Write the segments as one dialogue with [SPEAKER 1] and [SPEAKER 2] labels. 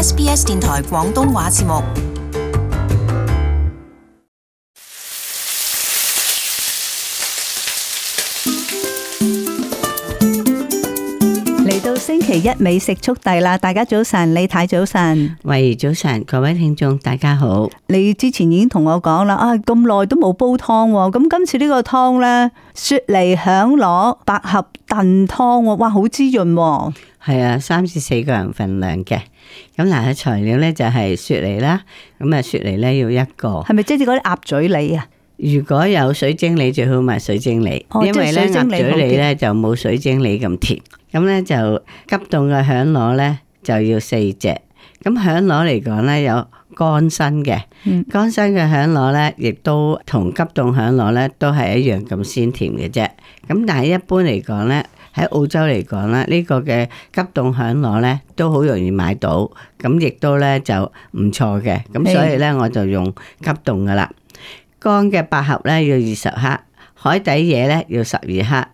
[SPEAKER 1] SBS 電台廣東話節目。星期一美食速遞啦！大家早晨，李太早晨，喂，早晨，各位聽眾大家好。你之前已經同我講啦，啊，咁耐都冇煲湯喎。咁、啊、今次呢個湯呢，雪梨響螺百合燉湯，哇，好滋潤喎、啊。係啊，三至四個人份量嘅。咁嗱，材料呢就係、是、雪梨啦。咁啊，雪梨呢，要一個，係咪即係啲鴨嘴梨啊？如果有水晶梨，最好買水晶梨，因為咧鴨咀梨咧就冇水晶梨咁甜。咁咧就急凍嘅響螺咧就要四隻。咁響螺嚟講咧有乾身嘅，乾身嘅響螺咧亦都同急凍響螺咧都係一樣咁鮮甜嘅啫。咁但係一般嚟講咧喺澳洲嚟講咧呢個嘅急凍響螺咧都好容易買到，咁亦都咧就唔錯嘅。咁所以咧我就用急凍㗎喇。乾嘅百合咧要二十克，海底嘢咧要十二克，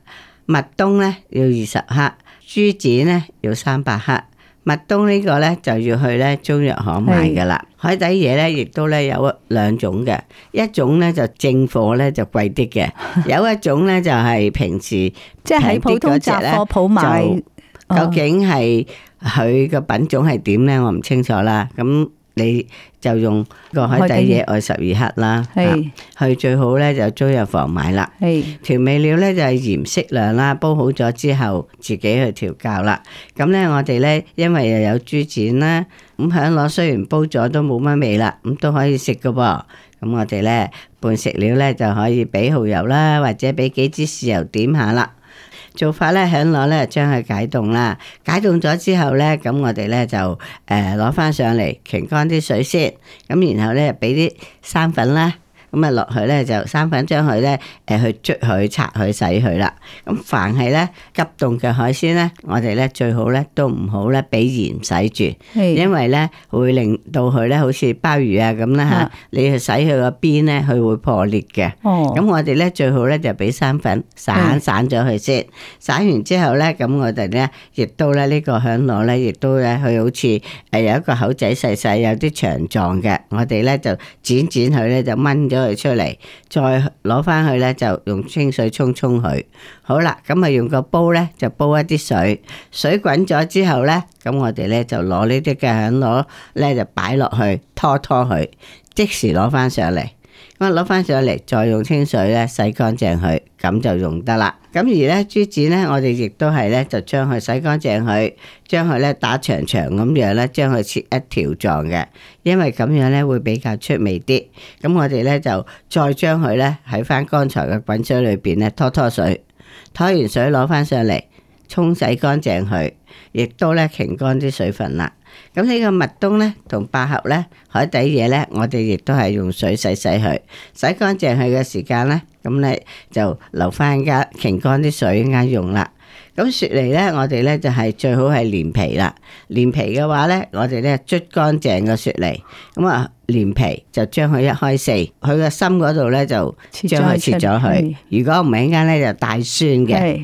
[SPEAKER 1] 麥冬咧要二十克，豬展咧要三百克。麥冬呢個咧就要去咧中藥行買噶啦。海底嘢咧亦都咧有兩種嘅，一種咧就正貨咧就貴啲嘅，有一種咧就係平時即係喺普通雜貨鋪買，究竟係佢個品種係點咧？我唔清楚啦。咁。你就用個海底椰，愛十二克啦，係是、啊、去最好咧就租入房買啦，係調是味料咧就鹽、是、適量啦，煲好咗之後自己去調校啦。咁咧我哋咧因為又有豬展啦，咁響螺雖然煲咗都冇乜味啦，咁、嗯、都可以食噶噃。咁、嗯、我哋咧半食料咧就可以俾蚝油啦，或者俾幾支豉油點下啦。做法呢，響螺呢將佢解凍啦，解凍咗之後呢，咁我哋呢就誒攞翻上嚟，擎乾啲水先，咁然後呢俾啲生粉啦。咁啊落去咧就生粉將佢咧，誒去捽佢、擦佢、洗佢啦。咁凡係咧急凍嘅海鮮咧，我哋咧最好咧都唔好咧俾鹽洗住，因為咧會令到佢咧好似鮑魚啊咁啦，嚇，你去洗佢個邊咧，佢會破裂嘅。哦，咁我哋咧最好咧就俾生粉散散咗佢先。散完之後咧，咁我哋咧亦都咧呢個響螺咧亦都咧佢好似誒有一個口仔細細有啲長狀嘅，我哋咧就剪剪佢咧就掹咗出嚟，再攞翻去呢，就用清水沖沖佢。好啦，咁啊用個煲呢，就煲一啲水。水滾咗之後呢，咁我哋呢，就攞呢啲嘅響螺呢，就擺落去，拖拖佢，即時攞翻上嚟。我攞翻上嚟，再用清水咧洗乾淨佢，咁就用得啦。咁而咧豬展咧，我哋亦都係咧就將佢洗乾淨佢，將佢咧打長長咁樣咧，將佢切一條狀嘅，因為咁樣咧會比較出味啲。咁我哋咧就再將佢咧喺翻剛才嘅滾水裏邊咧拖拖水，拖完水攞翻上嚟沖洗乾淨佢，亦都咧擎乾啲水分啦。咁呢個麥冬咧同百合咧海底嘢咧，我哋亦都係用水洗洗佢，洗乾淨佢嘅時間咧，咁咧就留翻一陣，晾乾啲水，一陣用啦。咁雪梨咧，我哋咧就係、是、最好係連皮啦。連皮嘅話咧，我哋咧捽乾淨個雪梨，咁啊連皮就將佢一開四，佢個心嗰度咧就將佢切咗佢。如果唔係，一陣咧就大酸嘅。是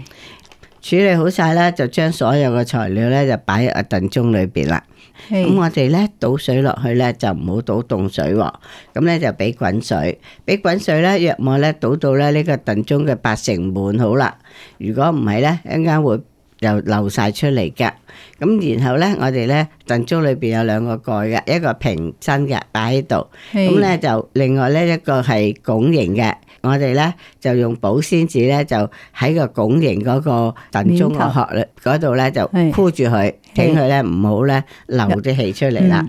[SPEAKER 1] 處理好晒啦，就將所有嘅材料咧就擺喺燉盅裏邊啦。咁我哋咧倒水落去咧就唔好倒凍水喎，咁咧就俾滾水呢，俾滾水咧約莫咧倒到咧呢個燉盅嘅八成滿好啦。如果唔係咧一陣間會又漏晒出嚟噶。咁然後咧我哋咧燉盅裏邊有兩個蓋嘅，一個平身嘅擺喺度，咁咧是就另外咧一個係拱形嘅，我哋咧就用保鮮紙咧就喺個拱形嗰個燉盅個殼嗰度咧就箍住佢。聽佢咧唔好咧漏啲氣出嚟啦。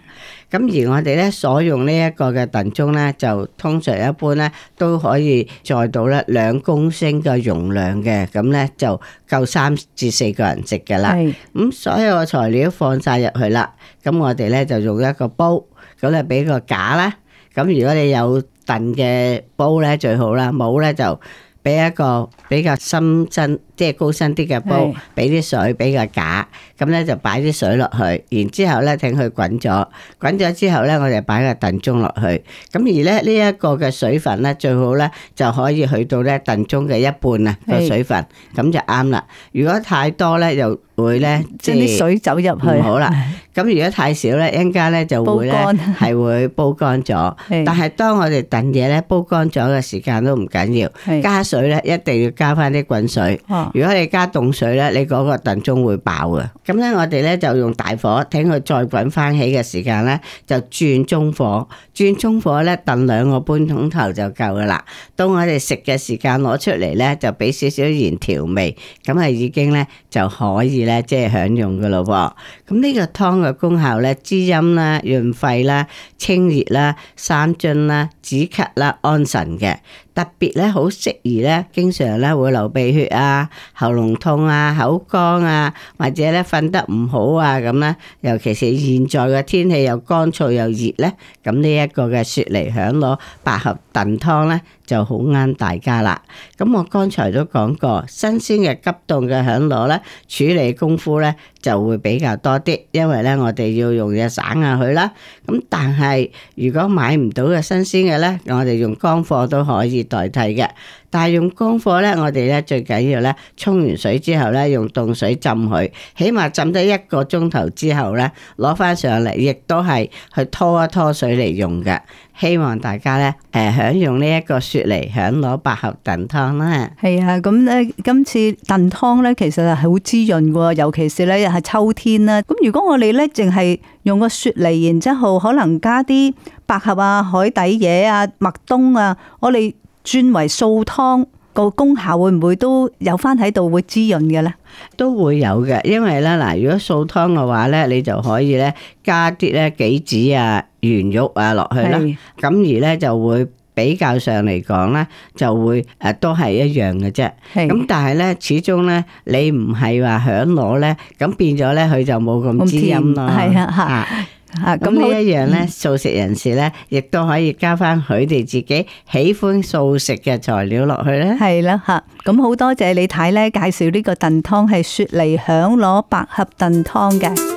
[SPEAKER 1] 咁、嗯、而我哋咧所用呢一個嘅燉盅咧，就通常一般咧都可以載到咧兩公升嘅容量嘅。咁咧就夠三至四個人食噶啦。咁是所有嘅材料放晒入去啦。咁我哋咧就用一個煲，咁咧俾個架啦。咁如果你有燉嘅煲咧最好啦，冇咧就俾一個比較深真。即係高身啲嘅煲，俾啲水俾個架，咁咧就擺啲水落去，然之後咧等佢滾咗，滾咗之後咧我哋擺個燉盅落去，咁而咧呢一個嘅水分咧最好咧就可以去到咧燉盅嘅一半啊，個是水分，咁就啱啦。如果太多咧又會咧即係啲水走入去唔好啦。咁。的如果太少咧一陣間咧就會咧係會煲乾乾咗的的。但係當我哋燉嘢咧煲乾咗嘅時間都唔緊要，加水咧一定要加翻啲滾水。啊啊啊。如果你加凍水咧，你嗰個燉盅會爆嘅。咁咧，我哋咧就用大火，等佢再滾翻起嘅時間咧，就轉中火，轉中火咧燉兩個半鐘頭就夠噶啦。到我哋食嘅時間攞出嚟咧，就俾少少鹽調味，咁係已經咧就可以咧即係享用嘅咯噃。咁呢個湯嘅功效咧，滋陰啦、潤肺啦、清熱啦、生津啦、止咳啦、安神嘅。特別咧，好適宜咧，經常咧會流鼻血啊、喉嚨痛啊、口乾啊，或者咧瞓得唔好啊咁啦。尤其是現在嘅天氣又乾燥又熱咧，咁呢一個嘅雪梨響螺百合燉湯咧就好啱大家啦。咁我剛才都講過，新鮮嘅急凍嘅響螺咧處理功夫咧就會比較多啲，因為咧我哋要用嘢省下佢啦。咁但係如果買唔到嘅新鮮嘅咧，我哋用乾貨都可以。代替嘅，但係用乾貨呢，我哋呢最緊要呢，沖完水之後呢，用凍水浸佢，起碼浸咗一個鐘頭之後呢，攞翻上嚟，亦都係去拖一拖水嚟用嘅。希望大家呢，誒，想用呢一個雪梨，想攞百合燉湯啦。係啊，咁呢，今次燉湯呢，其實係好滋潤㗎，尤其是呢，又係秋天啦。咁如果我哋呢，淨係用個雪梨，然之後可能加啲百合啊、海底椰啊、麥冬啊，我哋。轉為素湯個功效會唔會都有翻喺度會滋潤嘅咧？都會有嘅，因為咧嗱，如果素湯嘅話咧，你就可以咧加啲咧杞子啊、圓肉啊落去啦，咁是而咧就會比較上嚟講咧就會誒、啊、都係一樣嘅啫。咁是但係咧始終咧你唔係話響攞咧，咁變咗咧佢就冇咁滋陰咯。係啊，吓。 啊！咁呢一樣呢，素食人士呢，亦都可以加翻佢哋自己喜歡素食嘅材料落去啦。係啦，嚇！咁好多謝李太呢，介紹呢個燉湯係雪梨響螺百合燉湯嘅。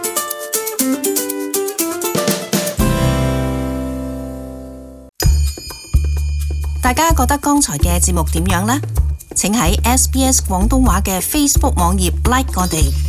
[SPEAKER 1] 大家覺得剛才嘅節目點樣呢？請喺 SBS 廣東話嘅 Facebook 網頁 like 我哋。